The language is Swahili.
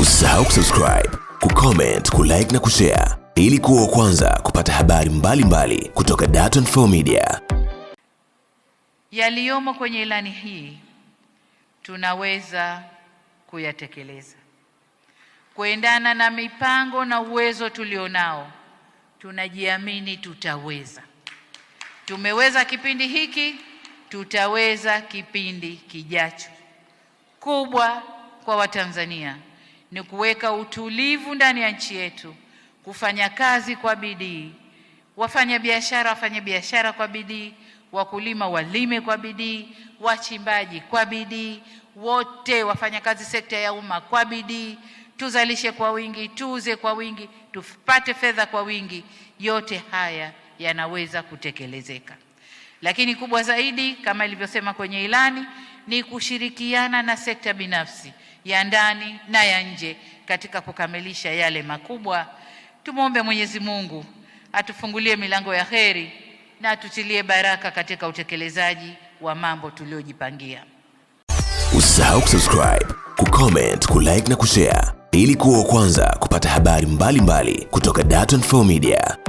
Usisahau kusubscribe, kucomment, kulike na kushare ili kuwa kwanza kupata habari mbalimbali mbali kutoka Dar24 Media. Yaliyomo kwenye ilani hii tunaweza kuyatekeleza kuendana na mipango na uwezo tulionao. Tunajiamini tutaweza. Tumeweza kipindi hiki, tutaweza kipindi kijacho. Kubwa kwa Watanzania ni kuweka utulivu ndani ya nchi yetu, kufanya kazi kwa bidii, wafanyabiashara wafanye biashara kwa bidii, wakulima walime kwa bidii, wachimbaji kwa bidii, wote wafanyakazi sekta ya umma kwa bidii, tuzalishe kwa wingi, tuuze kwa wingi, tupate fedha kwa wingi. Yote haya yanaweza kutekelezeka, lakini kubwa zaidi, kama ilivyosema kwenye ilani, ni kushirikiana na sekta binafsi ya ndani na ya nje katika kukamilisha yale makubwa. Tumwombe Mwenyezi Mungu atufungulie milango ya heri na atutilie baraka katika utekelezaji wa mambo tuliyojipangia. Usisahau kusubscribe, kucomment, kulike na kushare ili kuwa wa kwanza kupata habari mbalimbali mbali kutoka Dar24 Media.